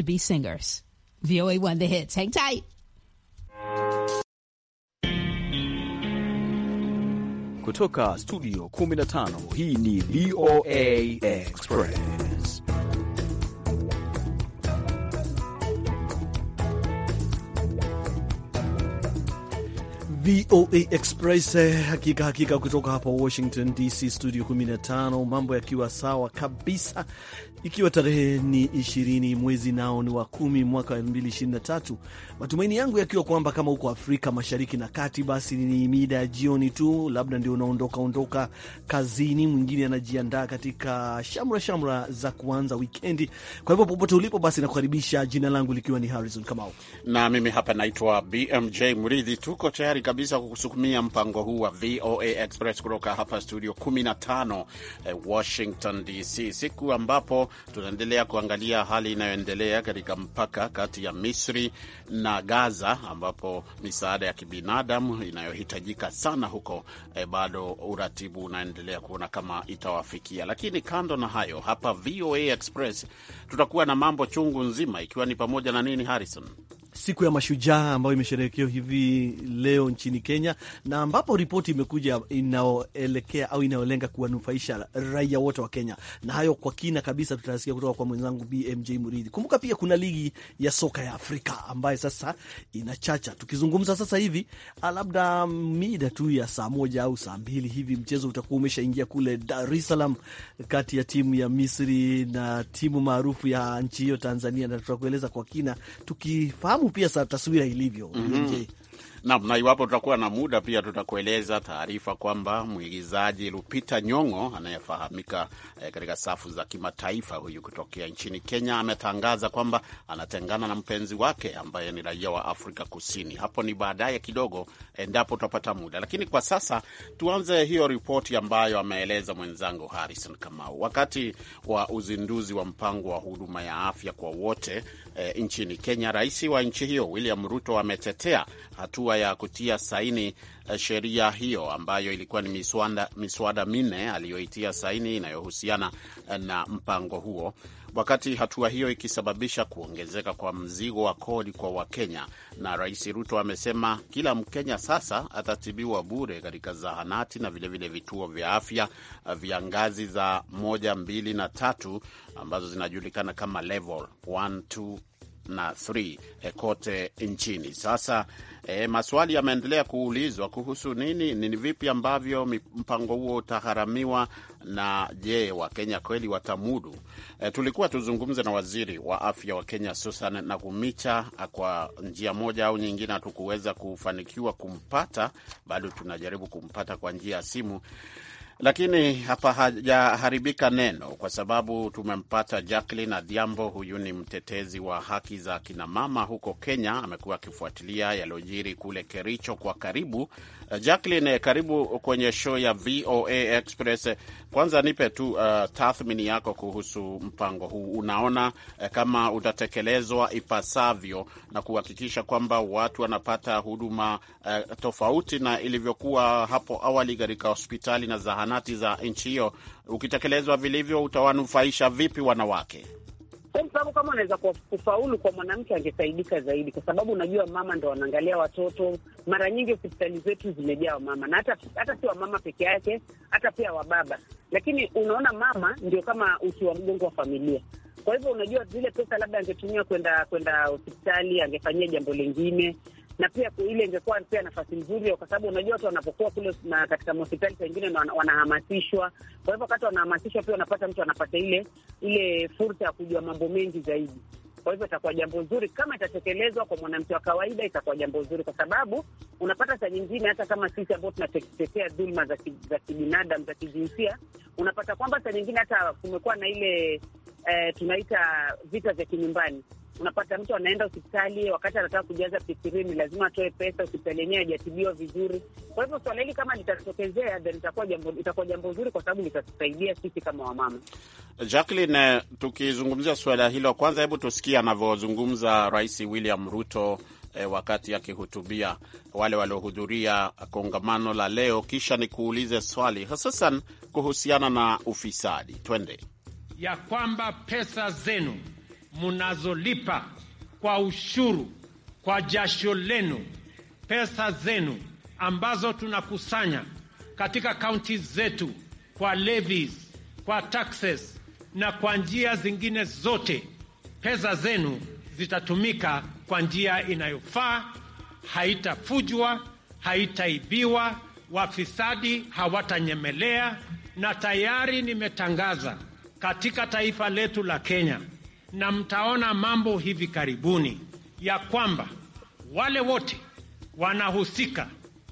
to be singers. VOA won The Hits. Hang tight. Kutoka studio 15 hii ni VOA Express. VOA Express, hakika hakika, kutoka hapa Washington DC, studio 15, mambo yakiwa sawa kabisa. ikiwa tarehe ni ishirini mwezi nao ni wa kumi mwaka wa elfu mbili ishirini na tatu. Matumaini yangu yakiwa kwamba kama huko Afrika Mashariki na Kati, basi ni mida ya jioni tu, labda ndio unaondoka ondoka kazini, mwingine anajiandaa katika shamra shamra za kuanza wikendi. Kwa hivyo popote ulipo, basi nakukaribisha. Jina langu likiwa ni Harrison Kamau na mimi hapa naitwa BMJ Mridhi. Tuko tayari kabisa kukusukumia mpango huu wa VOA Express kutoka hapa studio 15 eh, Washington DC, siku ambapo tunaendelea kuangalia hali inayoendelea katika mpaka kati ya Misri na Gaza, ambapo misaada ya kibinadamu inayohitajika sana huko e, bado uratibu unaendelea kuona kama itawafikia. Lakini kando na hayo, hapa VOA Express tutakuwa na mambo chungu nzima, ikiwa ni pamoja na nini, Harrison? siku ya mashujaa ambayo imesherehekewa hivi leo nchini Kenya, na ambapo ripoti imekuja inaoelekea au inayolenga kuwanufaisha raia wote wa Kenya, na hayo kwa kina kabisa tutasikia kutoka kwa mwenzangu BMJ Muridhi. Kumbuka pia kuna ligi ya soka ya Afrika ambayo sasa inachacha. Tukizungumza sasa hivi, ah, labda mida tu ya saa moja au saa mbili hivi, mchezo utakuwa umeshaingia kule Dar es Salaam kati ya timu ya Misri na timu maarufu ya nchi hiyo Tanzania, na tutakueleza kwa kina tukifahamu unafahamu pia sa taswira ilivyo mm -hmm. Naam, na iwapo tutakuwa na muda pia tutakueleza taarifa kwamba mwigizaji Lupita Nyong'o anayefahamika eh, katika safu za kimataifa huyu kutokea nchini Kenya ametangaza kwamba anatengana na mpenzi wake ambaye ni raia wa Afrika Kusini. Hapo ni baadaye kidogo, endapo tutapata muda, lakini kwa sasa tuanze hiyo ripoti ambayo ameeleza mwenzangu Harrison Kamau. Wakati wa uzinduzi wa mpango wa huduma ya afya kwa wote eh, nchini Kenya, rais wa nchi hiyo William Ruto ametetea hatua hatua ya kutia saini eh, sheria hiyo ambayo ilikuwa ni miswada, miswada minne aliyoitia saini inayohusiana eh, na mpango huo, wakati hatua hiyo ikisababisha kuongezeka kwa mzigo wa kodi kwa Wakenya. Na Rais Ruto amesema kila Mkenya sasa atatibiwa bure katika zahanati na vilevile vile vituo vya afya eh, vya ngazi za moja, mbili na tatu ambazo zinajulikana kama level one, two na 3 eh, kote nchini. Sasa eh, maswali yameendelea kuulizwa kuhusu nini, ni vipi ambavyo mpango huo utagharamiwa na je, Wakenya kweli watamudu? Eh, tulikuwa tuzungumze na waziri wa afya wa Kenya Susan kumicha ah, Kwa njia moja au nyingine hatukuweza kufanikiwa kumpata, bado tunajaribu kumpata kwa njia ya simu lakini hapa hajaharibika neno, kwa sababu tumempata Jacqueline Adhiambo. Huyu ni mtetezi wa haki za kinamama huko Kenya, amekuwa akifuatilia yaliyojiri kule Kericho kwa karibu. Uh, Jacqueline, karibu kwenye show ya VOA Express. Kwanza nipe tu uh, tathmini yako kuhusu mpango huu, unaona uh, kama utatekelezwa ipasavyo na kuhakikisha kwamba watu wanapata huduma uh, tofauti na ilivyokuwa hapo awali katika hospitali na zahanati zahanati za nchi hiyo, ukitekelezwa vilivyo utawanufaisha vipi wanawake? sababu kama unaweza kufaulu kwa mwanamke angesaidika zaidi, kwa sababu unajua mama ndo wanaangalia watoto. Mara nyingi hospitali zetu zimejaa wamama, na hata hata si wamama peke yake, hata pia wababa. Lakini unaona mama ndio kama uti wa mgongo wa familia. Kwa hivyo unajua, zile pesa labda angetumia kwenda kwenda hospitali, angefanyia jambo lingine na pia ile ingekuwa pia nafasi nzuri, kwa sababu unajua watu wanapokuwa kule na katika hospitali pengine wanahamasishwa. Kwa hivyo wakati wanahamasishwa, pia unapata mtu anapata ile ile fursa ya kujua mambo mengi zaidi. Kwa hivyo itakuwa jambo zuri kama itatekelezwa kwa mwanamke wa kawaida, itakuwa jambo zuri, kwa sababu unapata saa nyingine, hata kama sisi ambao tunatetea dhulma za kibinadamu za kijinsia, unapata kwamba saa nyingine hata kumekuwa na ile eh, tunaita vita vya kinyumbani Unapata mtu anaenda hospitali, wakati anataka kujaza pisirini lazima atoe pesa, hospitali yenyewe hajatibiwa vizuri. Kwa hivyo swala hili kama litatokezea, then itakuwa jambo itakuwa jambo zuri, kwa sababu litatusaidia sisi kama wamama. Jacqueline, eh, tukizungumzia suala hilo, kwanza hebu tusikie anavyozungumza Rais William Ruto eh, wakati akihutubia wale waliohudhuria kongamano la leo, kisha nikuulize swali hususan kuhusiana na ufisadi. Twende ya kwamba pesa zenu mnazolipa kwa ushuru, kwa jasho lenu, pesa zenu ambazo tunakusanya katika kaunti zetu kwa levies, kwa taxes na kwa njia zingine zote, pesa zenu zitatumika kwa njia inayofaa, haitafujwa, haitaibiwa, wafisadi hawatanyemelea. Na tayari nimetangaza katika taifa letu la Kenya na mtaona mambo hivi karibuni ya kwamba wale wote wanahusika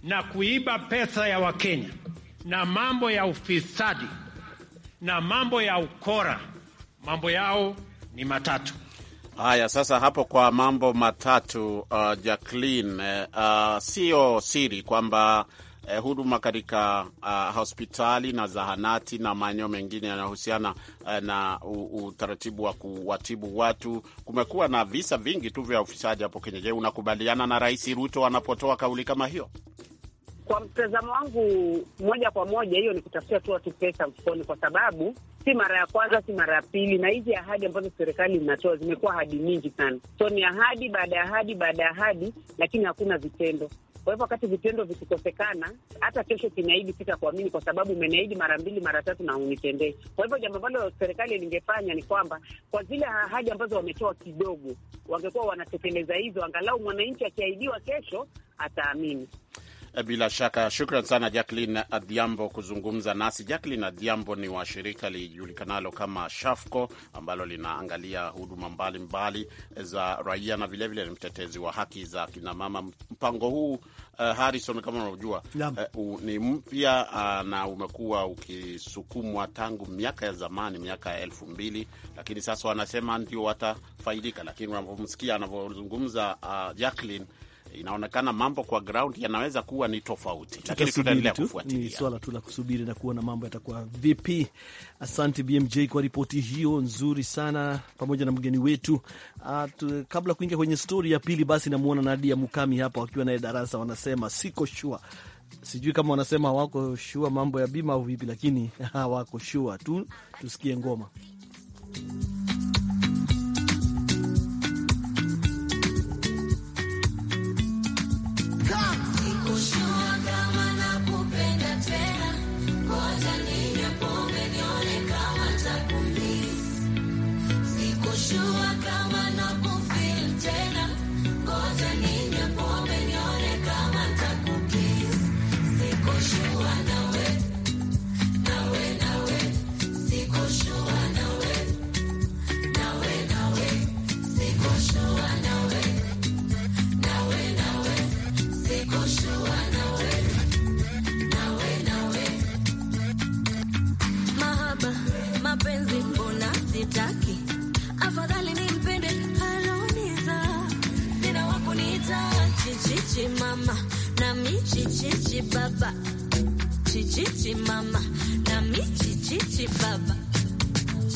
na kuiba pesa ya Wakenya na mambo ya ufisadi na mambo ya ukora, mambo yao ni matatu. Haya, sasa hapo kwa mambo matatu, uh, Jacqueline, eh, uh, siyo siri kwamba eh, huduma katika uh, hospitali na zahanati na maeneo mengine yanayohusiana uh, na utaratibu wa kuwatibu watu. Kumekuwa na visa vingi tu vya ufisadi hapo Kenya. Je, unakubaliana na Rais Ruto anapotoa kauli kama hiyo? Kwa mtazamo wangu, moja kwa moja, hiyo ni kutafutia tu watu pesa mfukoni, kwa sababu si mara ya kwanza, si mara ya pili, na hizi ahadi ambazo serikali inatoa zimekuwa ahadi nyingi sana. So ni ahadi baada ya ahadi baada ya ahadi, lakini hakuna vitendo. Kwa hivyo wakati vitendo vikikosekana, hata kesho kinaahidi sitakuamini, kwa sababu umeniahidi mara mbili mara tatu na unitendei. Kwa hivyo jambo ambalo serikali lingefanya ni kwamba kwa zile ahadi ambazo wametoa kidogo, wangekuwa wanatekeleza hizo, angalau mwananchi akiahidiwa kesho ataamini. Eh, bila shaka shukran sana Jacqueline Adhiambo kuzungumza nasi. Jacqueline Adhiambo ni wa shirika lijulikanalo kama Shafco ambalo linaangalia huduma mbalimbali za raia na vilevile ni mtetezi wa haki za kinamama. Mpango huu uh, Harrison, kama unavyojua uh, ni mpya uh, na umekuwa ukisukumwa tangu miaka ya zamani, miaka ya elfu mbili, lakini sasa wanasema ndio watafaidika. Lakini unavyomsikia anavyozungumza uh, Jacqueline inaonekana mambo kwa ground yanaweza kuwa ni tofauti, lakini tutaendelea kufuatilia. Ni swala tu la kusubiri na kuona mambo yatakuwa vipi. Asante BMJ kwa ripoti hiyo nzuri sana, pamoja na mgeni wetu. At, ah, kabla kuingia kwenye stori ya pili, basi namwona Nadia Mukami hapa wakiwa naye darasa, wanasema siko shua sijui kama wanasema hawako shua mambo ya bima au vipi, lakini hawako shua tu. Tusikie ngoma. show.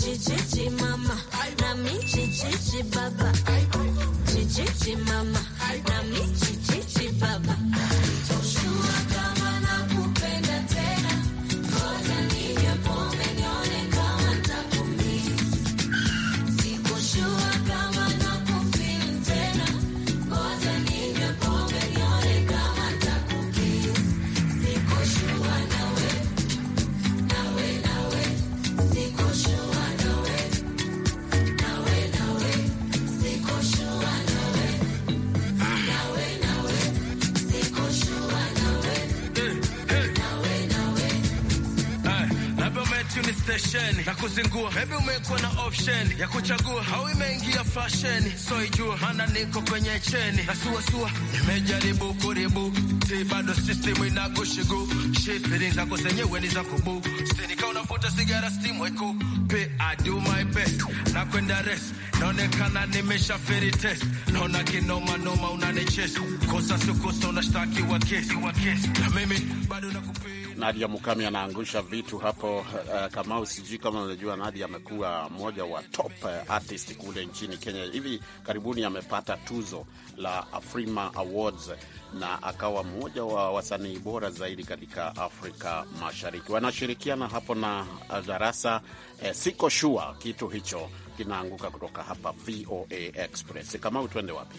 jijiji mama nami jijiji baba jijiji mama nami jijiji baba station na kuzingua, maybe umekuwa na option ya kuchagua au imeingia fashion, so ijua mana niko kwenye cheni na suasua, nimejaribu kuribu si bado system inakushigu shifiri zako zenyewe ni za kubu sinika unavuta sigara stimweku pe I do my best na kwenda rest naonekana nimeshaferi test naona kinoma noma unanichesi kosa sukusa unashtakiwa kesi na mimi bado na Nadia Mukami anaangusha vitu hapo. Uh, eh, kama sijui kama unajua Nadia amekuwa mmoja wa top eh, artist kule nchini Kenya. Hivi karibuni amepata tuzo la Afrima Awards na akawa mmoja wa wasanii bora zaidi katika Afrika Mashariki. Wanashirikiana hapo na eh, Darasa. Eh, siko shua kitu hicho kinaanguka kutoka hapa VOA Express. Kama utwende wapi?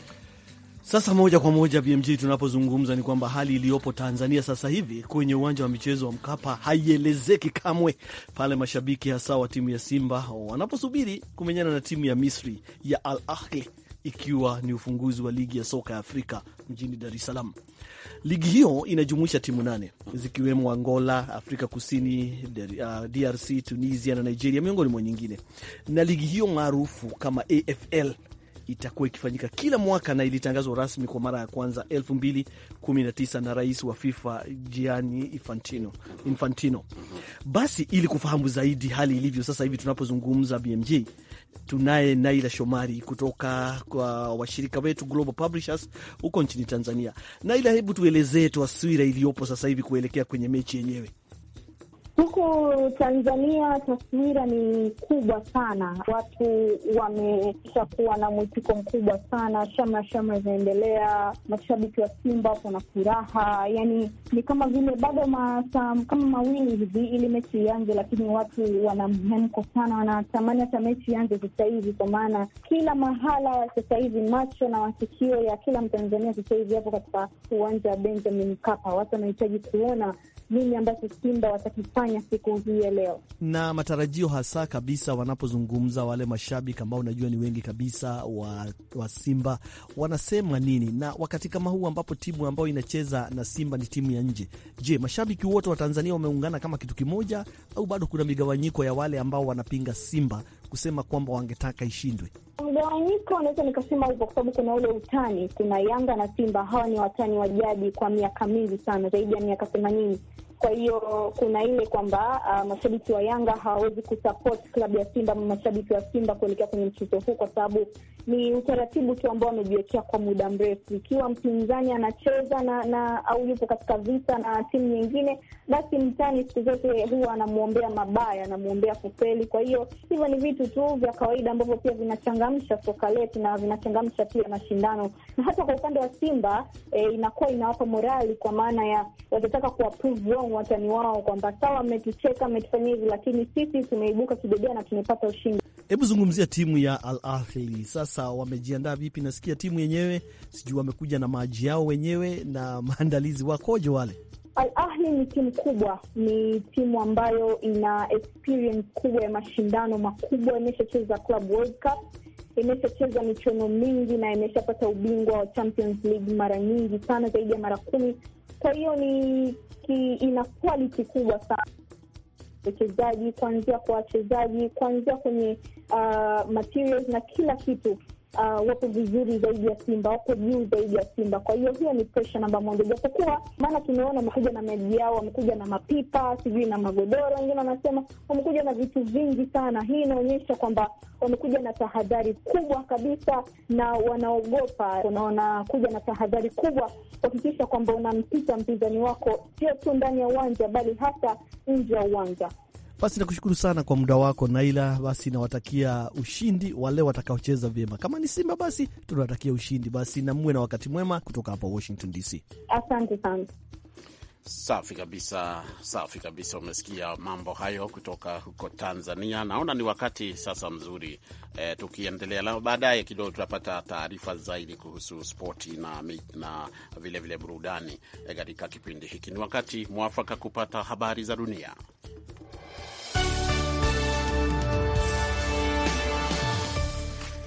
Sasa moja kwa moja BMG, tunapozungumza ni kwamba hali iliyopo Tanzania sasa hivi kwenye uwanja wa michezo wa Mkapa haielezeki kamwe, pale mashabiki hasa wa timu ya Simba wanaposubiri kumenyana na timu ya Misri ya Al Ahli, ikiwa ni ufunguzi wa ligi ya soka ya Afrika mjini Dar es Salaam. Ligi hiyo inajumuisha timu nane zikiwemo Angola, Afrika Kusini, DRC, uh, Tunisia na Nigeria, miongoni mwa nyingine, na ligi hiyo maarufu kama AFL itakuwa ikifanyika kila mwaka na ilitangazwa rasmi kwa mara ya kwanza 2019 na rais wa FIFA Gianni Infantino. Infantino. Basi ili kufahamu zaidi hali ilivyo sasa hivi tunapozungumza BMJ, tunaye Naila Shomari kutoka kwa washirika wetu Global Publishers huko nchini Tanzania. Naila, hebu tuelezee taswira iliyopo sasa hivi kuelekea kwenye mechi yenyewe. Huku Tanzania taswira ni kubwa sana, watu wamesha kuwa na mwitiko mkubwa sana, shamra shamra zinaendelea, mashabiki wa Simba wako na furaha, yani ni kama vile bado masaa kama mawili hivi ili mechi ianze, lakini watu wana mhemko sana, wanatamani hata mechi ianze sasa hivi, kwa maana kila mahala sasa hivi macho na masikio ya kila Mtanzania sasa hivi yapo katika uwanja wa Benjamin Mkapa. Watu wanahitaji kuona nini ambacho Simba watakifanya siku hii ya leo, na matarajio hasa kabisa wanapozungumza wale mashabiki ambao unajua ni wengi kabisa wa, wa Simba wanasema nini, na wakati kama huu ambapo timu ambayo inacheza na Simba ni timu ya nje. Je, mashabiki wote wa Tanzania wameungana kama kitu kimoja, au bado kuna migawanyiko ya wale ambao wanapinga Simba kusema kwamba wangetaka ishindwe? Mgawanyiko naweza nikasema hivyo, kwa sababu kuna ule utani, kuna Yanga na Simba. Hawa ni watani wa jadi kwa miaka mingi sana, zaidi ya miaka themanini kwa hiyo kuna ile kwamba uh, mashabiki wa Yanga hawawezi kusupport klabu ya Simba, mashabiki wa Simba kuelekea kwenye mchezo huu, kwa sababu ni utaratibu tu ambao wamejiwekea kwa muda mrefu. Ikiwa mpinzani anacheza na, na au yupo katika vita na timu nyingine, basi mtani siku zote huwa anamwombea mabaya, anamwombea kufeli. Kwa hiyo hivyo ni vitu tu vya kawaida ambavyo pia vinachangamsha soka letu na vinachangamsha pia mashindano, na hata kwa upande wa Simba eh, inakuwa inawapa morali, kwa maana ya watataka kuwa wrong watani wao kwamba sawa, mmetucheka mmetufanyia hivi, lakini sisi tumeibuka kidedea na tumepata ushindi. Hebu zungumzia timu ya Al Ahli sasa, wamejiandaa vipi? Nasikia timu yenyewe sijui wamekuja na maji yao wenyewe na maandalizi wakoje wale Al Ahli ni timu kubwa, ni timu ambayo ina experience kubwa ya mashindano makubwa, imeshacheza Club World Cup imeshacheza michuano mingi na imeshapata ubingwa wa Champions League mara nyingi sana, zaidi ya mara kumi. Kwa hiyo ni ki, ina quality kubwa sana wachezaji, kuanzia kwa wachezaji, kuanzia kwenye uh, materials na kila kitu uh, wako vizuri zaidi ya Simba, wako juu zaidi ya Simba. Kwa hiyo hiyo ni presha namba moja, japokuwa maana tumeona wamekuja na maji yao, wamekuja na mapipa, sijui na magodoro, wengine wanasema wamekuja na vitu vingi sana. Hii inaonyesha kwamba wamekuja na tahadhari kubwa kabisa na wanaogopa, wanakuja na tahadhari kubwa kuhakikisha kwamba unampita mpinzani wako sio tu ndani ya uwanja, bali hata nje ya uwanja. Basi nakushukuru sana kwa muda wako Naila. Basi nawatakia ushindi wale watakaocheza vyema. Kama ni Simba, basi tunawatakia ushindi. Basi na na wakati mwema kutoka hapa Washington DC. Asante sana. Safi kabisa, safi kabisa. Umesikia mambo hayo kutoka huko Tanzania. Naona ni wakati sasa mzuri e, tukiendelea na baadaye kidogo tutapata taarifa zaidi kuhusu spoti na, na vilevile vile burudani eh, katika e, kipindi hiki. Ni wakati mwafaka kupata habari za dunia.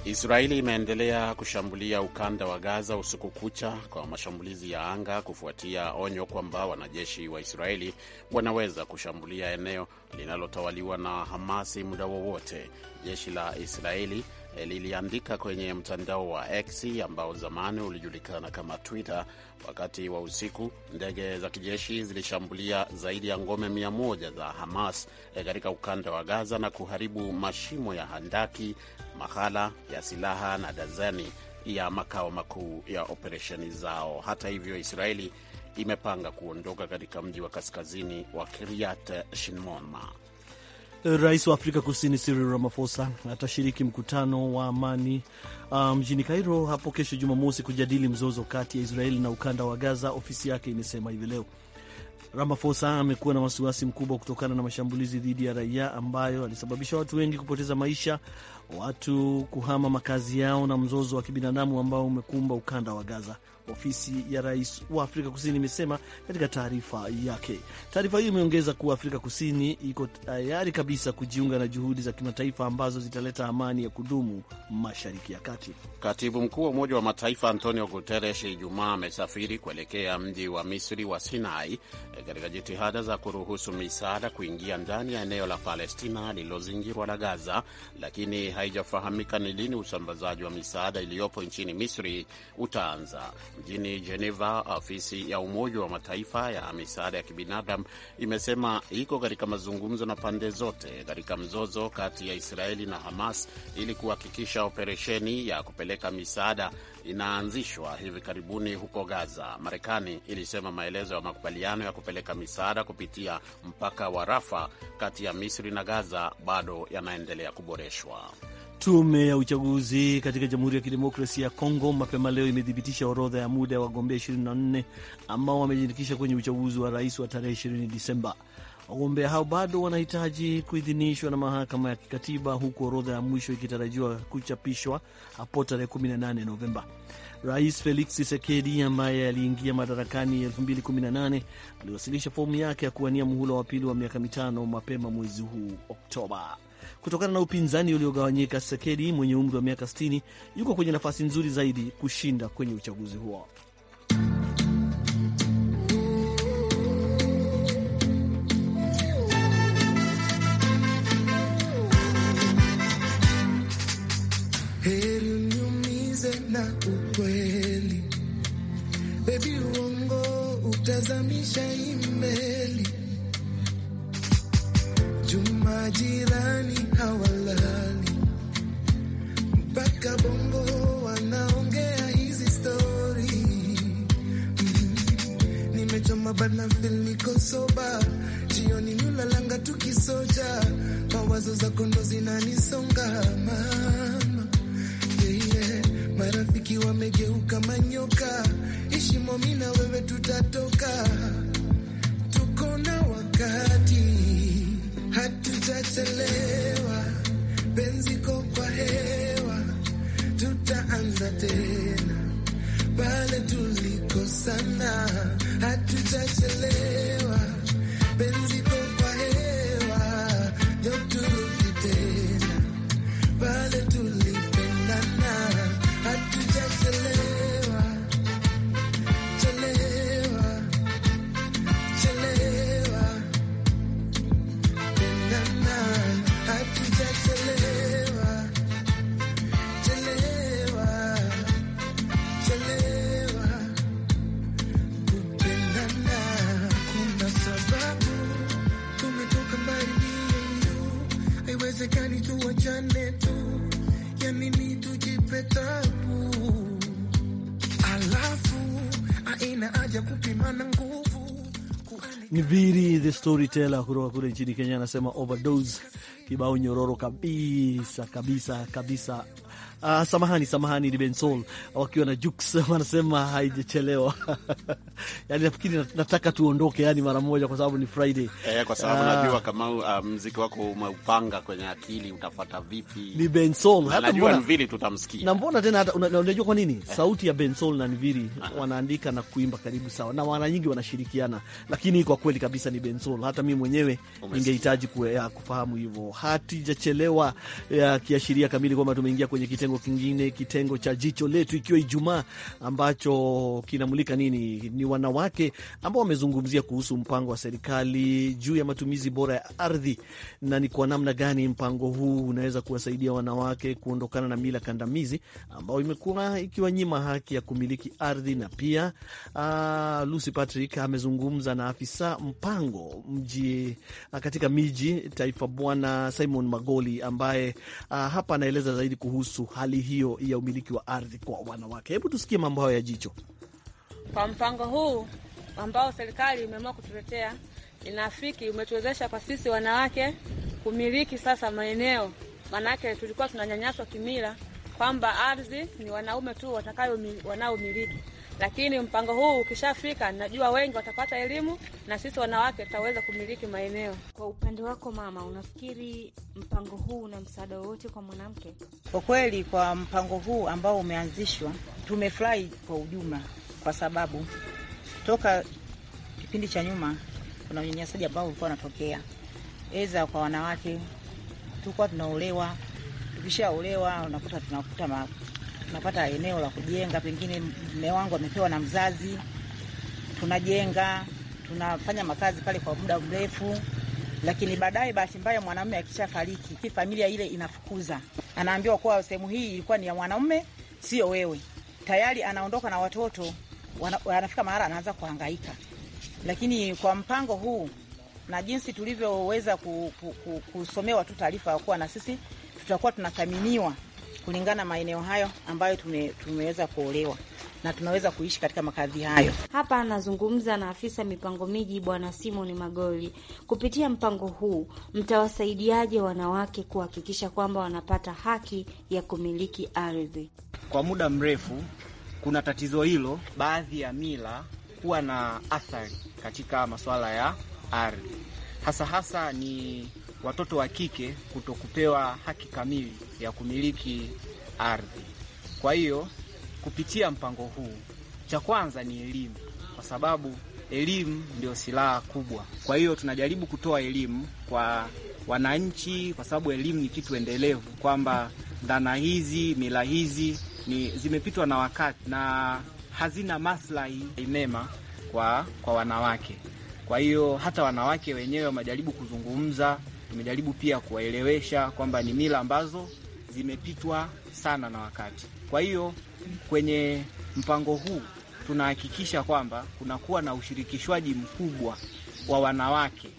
Israeli imeendelea kushambulia ukanda wa Gaza usiku kucha kwa mashambulizi ya anga kufuatia onyo kwamba wanajeshi wa Israeli wanaweza kushambulia eneo linalotawaliwa na Hamasi muda wowote. Jeshi la Israeli Eh, liliandika kwenye mtandao wa X ambao zamani ulijulikana kama Twitter. Wakati wa usiku, ndege za kijeshi zilishambulia zaidi ya ngome mia moja za Hamas eh, katika ukanda wa Gaza na kuharibu mashimo ya handaki, mahala ya silaha na dazeni ya makao makuu ya operesheni zao. Hata hivyo, Israeli imepanga kuondoka katika mji wa kaskazini wa Kiryat Shimona. Rais wa Afrika Kusini Cyril Ramaphosa atashiriki mkutano wa amani uh, mjini um, Kairo hapo kesho Jumamosi kujadili mzozo kati ya Israeli na ukanda wa Gaza, ofisi yake imesema hivi leo. Ramaphosa amekuwa na wasiwasi mkubwa kutokana na mashambulizi dhidi ya raia ambayo alisababisha watu wengi kupoteza maisha watu kuhama makazi yao na mzozo wa kibinadamu ambao umekumba ukanda wa Gaza, ofisi ya rais wa Afrika Kusini imesema katika taarifa yake. Taarifa hiyo imeongeza kuwa Afrika Kusini iko tayari kabisa kujiunga na juhudi za kimataifa ambazo zitaleta amani ya kudumu Mashariki ya Kati. Katibu mkuu wa Umoja wa Mataifa Antonio Guterres Ijumaa amesafiri kuelekea mji wa Misri wa Sinai eh, katika jitihada za kuruhusu misaada kuingia ndani ya eneo la Palestina lililozingirwa la Gaza, lakini haijafahamika ni lini usambazaji wa misaada iliyopo nchini Misri utaanza. Mjini Geneva, ofisi ya Umoja wa Mataifa ya misaada ya kibinadamu imesema iko katika mazungumzo na pande zote katika mzozo kati ya Israeli na Hamas ili kuhakikisha operesheni ya kupeleka misaada inaanzishwa hivi karibuni huko Gaza. Marekani ilisema maelezo ya makubaliano ya kupeleka misaada kupitia mpaka wa Rafa kati ya Misri na Gaza bado yanaendelea kuboreshwa. Tume ya uchaguzi katika Jamhuri ya Kidemokrasia ya Kongo mapema leo imethibitisha orodha ya muda ya wagombea 24 ambao wamejiandikisha kwenye uchaguzi wa rais wa tarehe 20 Disemba. Wagombea hao bado wanahitaji kuidhinishwa na mahakama ya kikatiba, huku orodha ya mwisho ikitarajiwa kuchapishwa hapo tarehe 18 Novemba. Rais Felix Tshisekedi ambaye aliingia madarakani 2018 aliwasilisha fomu yake ya kuwania muhula wa pili wa miaka mitano mapema mwezi huu Oktoba. Kutokana na upinzani uliogawanyika, Tshisekedi mwenye umri wa miaka 60 yuko kwenye nafasi nzuri zaidi kushinda kwenye uchaguzi huo. imezamisha imeli juma jirani hawalali mpaka bongo wanaongea hizi stori mm -hmm. nimechoma niko soba jioni nulalanga tukisoja mawazo za kondo zinanisonga mama yeah, yeah. marafiki wamegeuka manyoka Shimo mimi na wewe tutatoka, tuko na wakati, hatutachelewa. Penzi ko kwa hewa, tutaanza tena pale tulikosana, hatutachelewa ni Viri the Storyteller kutoka kule nchini Kenya, anasema overdose, kibao nyororo kabisa kabisa kabisa Uh, samahani samahani, ni Bensol wakiwa na Jux wanasema haijachelewa. Yani nafikiri nataka tuondoke yani mara moja, kwa sababu ni Friday eh, kwa sababu uh, najua kama uh, mziki wako umeupanga kwenye akili, utafuata vipi? Ni Bensol hata mbona vile tutamsikia na mbona tena hata una, unajua kwa nini eh, sauti ya Bensol na Nviri wanaandika na kuimba karibu sawa, na mara nyingi wanashirikiana, lakini kwa kweli kabisa ni Bensol. Hata mimi mwenyewe ningehitaji kufahamu hivyo. Hatijachelewa, kiashiria kamili kwamba tumeingia kwenye kitengo kitengo kingine, kitengo cha jicho letu, ikiwa Ijumaa ambacho kinamulika nini? Ni wanawake ambao wamezungumzia kuhusu mpango wa serikali juu ya matumizi bora ya ardhi na ni kwa namna gani mpango huu unaweza kuwasaidia wanawake kuondokana na mila kandamizi ambayo imekuwa ikiwanyima haki ya kumiliki ardhi. Na pia uh, Lucy Patrick amezungumza na afisa mpango mji uh, katika miji taifa, Bwana Simon Magoli ambaye uh, hapa anaeleza zaidi kuhusu hali hiyo ya umiliki wa ardhi kwa wanawake. Hebu tusikie mambo hayo ya jicho. Kwa mpango huu ambao serikali imeamua kutuletea, inafiki umetuwezesha kwa sisi wanawake kumiliki sasa maeneo, maanake tulikuwa tunanyanyaswa kimila kwamba ardhi ni wanaume tu watakayo wanaomiliki lakini mpango huu ukishafika, najua wengi watapata elimu na sisi wanawake tutaweza kumiliki maeneo. Kwa upande wako mama, unafikiri mpango huu una msaada wowote kwa mwanamke? Kwa kweli, kwa mpango huu ambao umeanzishwa, tumefurahi kwa ujumla, kwa sababu toka kipindi cha nyuma kuna unyanyasaji ambao ulikuwa unatokea eza kwa wanawake, tulikuwa tunaolewa, tukishaolewa unakuta tunakuta tunapata eneo la kujenga, pengine mume wangu amepewa na mzazi, tunajenga, tunafanya makazi pale kwa muda mrefu, lakini baadaye, bahati mbaya, mwanamume akishafariki, familia ile inafukuza, anaambiwa kuwa sehemu hii ilikuwa ni ya mwanamume, sio wewe. Tayari anaondoka na watoto, anafika mahala anaanza kuhangaika. Lakini kwa mpango huu na jinsi tulivyoweza kusomewa tu taarifa ya kuwa na sisi tutakuwa tunathaminiwa kulingana maeneo hayo ambayo tume, tumeweza kuolewa na tunaweza kuishi katika makazi hayo. Hapa anazungumza na afisa mipango miji Bwana Simon Magoli. Kupitia mpango huu mtawasaidiaje wanawake kuhakikisha kwamba wanapata haki ya kumiliki ardhi? Kwa muda mrefu kuna tatizo hilo, baadhi ya mila kuwa na athari katika masuala ya ardhi, hasa hasa ni watoto wa kike kutokupewa haki kamili ya kumiliki ardhi. Kwa hiyo kupitia mpango huu, cha kwanza ni elimu, kwa sababu elimu ndio silaha kubwa. Kwa hiyo tunajaribu kutoa elimu kwa wananchi, kwa sababu elimu ni kitu endelevu, kwamba dhana hizi, mila hizi ni zimepitwa na wakati na hazina maslahi mema kwa, kwa wanawake. Kwa hiyo hata wanawake wenyewe wamejaribu kuzungumza Tumejaribu pia kuwaelewesha kwamba ni mila ambazo zimepitwa sana na wakati. Kwa hiyo kwenye mpango huu tunahakikisha kwamba kunakuwa na ushirikishwaji mkubwa wa wanawake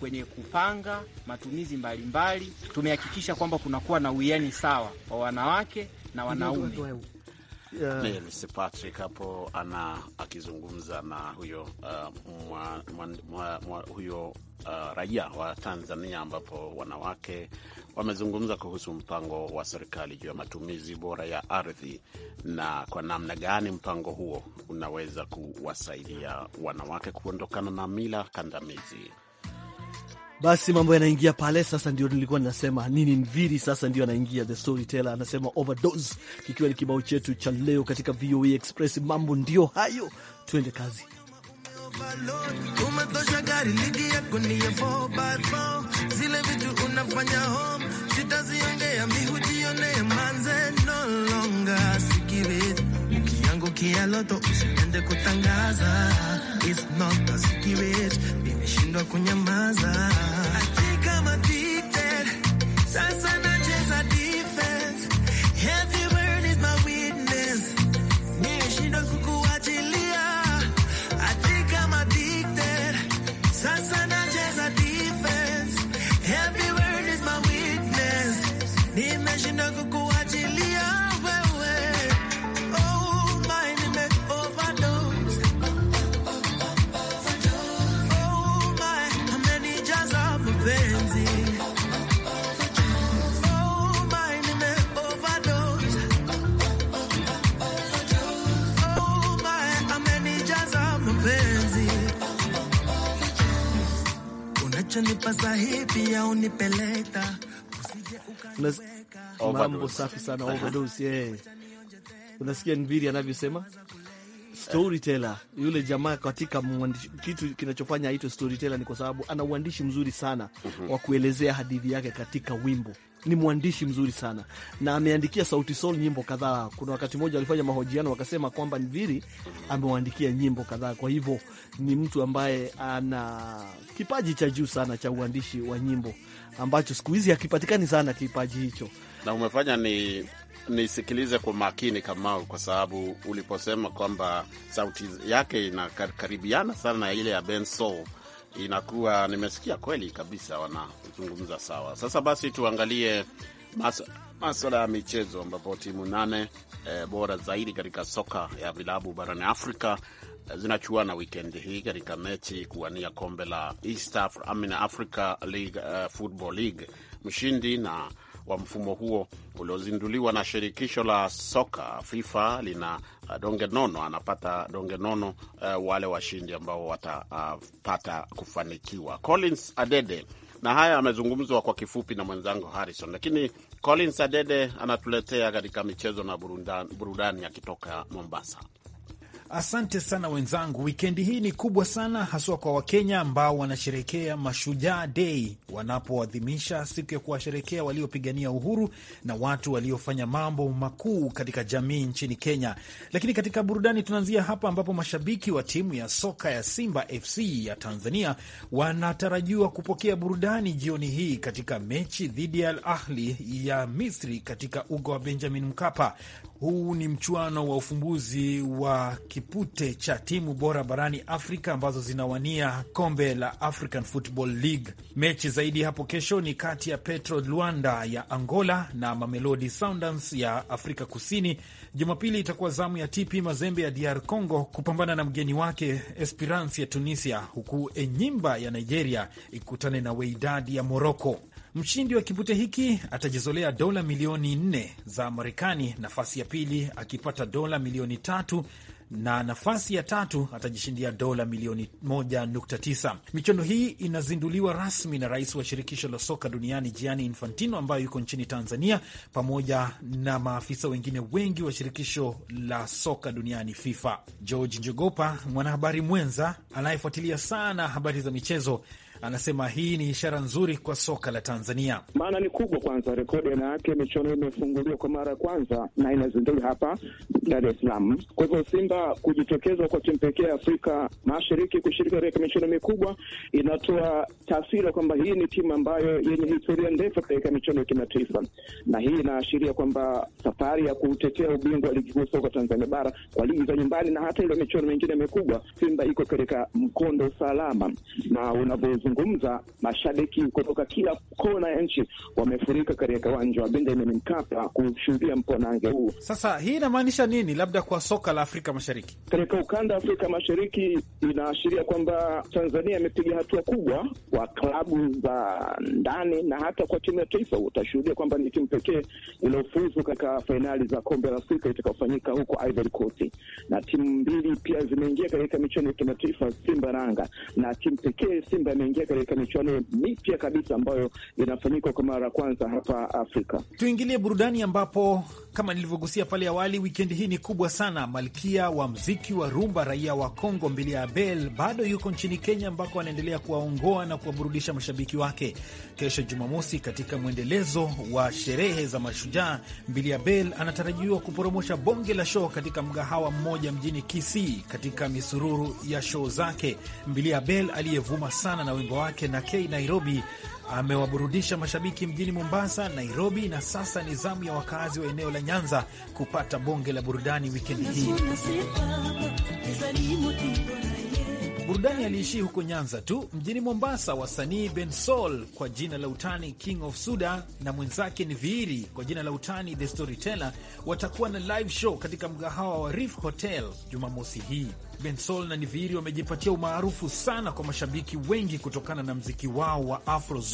kwenye kupanga matumizi mbalimbali. Tumehakikisha kwamba kunakuwa na uwiani sawa wa wanawake na wanaume yeah. Patrick hapo ana akizungumza na huyo uh, mwa, mwa, mwa, huyo Uh, raia wa Tanzania ambapo wanawake wamezungumza kuhusu mpango wa serikali juu ya matumizi bora ya ardhi na kwa namna gani mpango huo unaweza kuwasaidia wanawake kuondokana na mila kandamizi. Basi mambo yanaingia pale sasa, ndio nilikuwa ninasema nini mviri. Sasa ndio anaingia the storyteller, anasema overdose, kikiwa ni kibao chetu cha leo katika VOA e Express. Mambo ndio hayo, tuende kazi. Nashindwa kunyamaza. Sasa Oh, mambo safi sana overdose, yeah. Unasikia Nviri anavyosema storyteller yule jamaa katika mwandishi. Kitu kinachofanya aitwe storyteller ni kwa sababu ana uandishi mzuri sana wa kuelezea hadithi yake katika wimbo ni mwandishi mzuri sana na ameandikia Sauti Sol nyimbo kadhaa. Kuna wakati mmoja walifanya mahojiano wakasema kwamba Nviri amewaandikia nyimbo kadhaa. Kwa hivyo ni mtu ambaye ana kipaji cha juu sana cha uandishi wa nyimbo ambacho siku hizi hakipatikani sana kipaji hicho, na umefanya ni nisikilize kwa makini Kamau, kwa sababu uliposema kwamba sauti yake inakaribiana sana na ile ya Ben Soul inakuwa nimesikia kweli kabisa, wanazungumza sawa. Sasa basi tuangalie maswala ya michezo ambapo timu nane e, bora zaidi katika soka ya vilabu barani Afrika eh, zinachuana wikendi hii katika mechi kuwania kombe la East Africa, Africa League, uh, Football League. Mshindi na wa mfumo huo uliozinduliwa na shirikisho la soka FIFA lina uh, donge nono anapata donge nono uh, wale washindi ambao watapata uh, kufanikiwa. Collins Adede na haya amezungumzwa kwa kifupi na mwenzangu Harrison, lakini Collins Adede anatuletea katika michezo na burudani akitoka Mombasa. Asante sana wenzangu, wikendi hii ni kubwa sana, haswa kwa Wakenya ambao wanasherekea Mashujaa Dei wanapoadhimisha siku ya kuwasherekea waliopigania uhuru na watu waliofanya mambo makuu katika jamii nchini Kenya. Lakini katika burudani tunaanzia hapa ambapo mashabiki wa timu ya soka ya Simba FC ya Tanzania wanatarajiwa kupokea burudani jioni hii katika mechi dhidi ya Al Ahli ya Misri katika uga wa Benjamin Mkapa. Huu ni mchuano wa ufumbuzi wa kipute cha timu bora barani Afrika ambazo zinawania kombe la African Football League. Mechi zaidi hapo kesho ni kati ya Petro Luanda ya Angola na Mamelodi Sundowns ya Afrika Kusini. Jumapili itakuwa zamu ya TP Mazembe ya DR Congo kupambana na mgeni wake Esperance ya Tunisia, huku Enyimba ya Nigeria ikutane na Weidadi ya Moroko. Mshindi wa kipute hiki atajizolea dola milioni nne za Marekani, nafasi ya pili akipata dola milioni tatu na nafasi ya tatu atajishindia dola milioni 1.9. Michuano hii inazinduliwa rasmi na rais wa shirikisho la soka duniani Gianni Infantino, ambayo yuko nchini Tanzania, pamoja na maafisa wengine wengi wa shirikisho la soka duniani FIFA. George Njogopa, mwanahabari mwenza anayefuatilia sana habari za michezo anasema hii ni ishara nzuri kwa soka la Tanzania, maana ni kubwa. Kwanza rekodi anayake michuano imefunguliwa kwa mara ya kwanza na inazinduliwa hapa Dar es Salaam. Kwa hivyo Simba kujitokeza kwa timu pekee ya Afrika Mashariki kushiriki katika michuano mikubwa inatoa taswira kwamba hii ni timu ambayo yenye historia ndefu katika michuano ya kimataifa, na hii inaashiria kwamba safari ya kutetea ubingwa wa ligi kuu soka Tanzania bara kwa ligi za nyumbani na hata ile michuano mingine mikubwa, Simba iko katika mkondo salama na unavyo tunazungumza, mashabiki kutoka kila kona ya nchi wamefurika katika kiwanja wa Benjamin Mkapa kushuhudia mponange huu. Sasa hii inamaanisha nini, labda kwa soka la Afrika Mashariki? Katika ukanda wa Afrika Mashariki inaashiria kwamba Tanzania imepiga hatua kubwa kwa klabu za ndani na hata kwa timu ya taifa. Utashuhudia kwamba ni timu pekee iliyofuzu katika fainali za kombe la Afrika itakaofanyika huko Ivory Coast, na timu mbili pia zimeingia katika michuano ya kimataifa, Simba na Yanga, na timu pekee Simba imeingia kuingia katika michuano mipya kabisa ambayo inafanyika kwa mara ya kwanza hapa Afrika. Tuingilie burudani, ambapo kama nilivyogusia pale awali, wikendi hii ni kubwa sana. Malkia wa mziki wa rumba, raia wa Mbili ya Abel bado yuko nchini Kenya, ambako anaendelea kuwaongoa na kuwaburudisha mashabiki wake. Kesho Jumamosi, katika mwendelezo wa sherehe za mashujaa, ya Bel anatarajiwa kuporomosha bonge la show katika mgahawa mmoja mjini Kisii, katika misururu ya show zake. ya Bel aliyevuma sana na wengi mchango wake na K Nairobi amewaburudisha mashabiki mjini Mombasa, Nairobi, na sasa ni zamu ya wakazi wa eneo la Nyanza kupata bonge la burudani wikendi hii. Burudani aliishii huko Nyanza tu. Mjini Mombasa, wasanii Ben Sol kwa jina la utani King of Suda na mwenzake ni Viiri kwa jina la utani The Storyteller watakuwa na live show katika mgahawa wa Reef Hotel Jumamosi hii. Bensol na Niviri wamejipatia umaarufu sana kwa mashabiki wengi kutokana na mziki wao wa Afro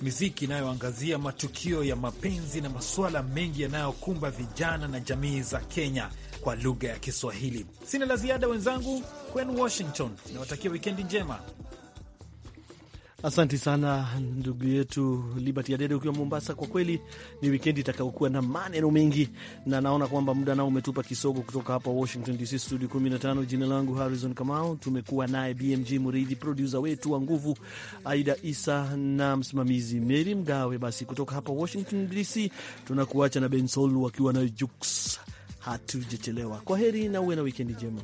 miziki inayoangazia matukio ya mapenzi na masuala mengi yanayokumba vijana na jamii za Kenya kwa lugha ya Kiswahili. Sina la ziada wenzangu, kwenu Washington, nawatakia wikendi njema. Asanti sana ndugu yetu Liberty Adede ukiwa Mombasa. Kwa kweli ni wikendi itakayokuwa na maneno mengi, na naona kwamba muda nao umetupa kisogo. Kutoka hapa Washington DC studio 15, jina langu Harrison Kamau. Tumekuwa naye bmg Muridhi, produsa wetu wa nguvu, Aida Isa na msimamizi Meri Mgawe. Basi kutoka hapa Washington DC tunakuacha na Bensol wakiwa na Jux, Hatujachelewa. Kwa heri na uwe na wikendi njema.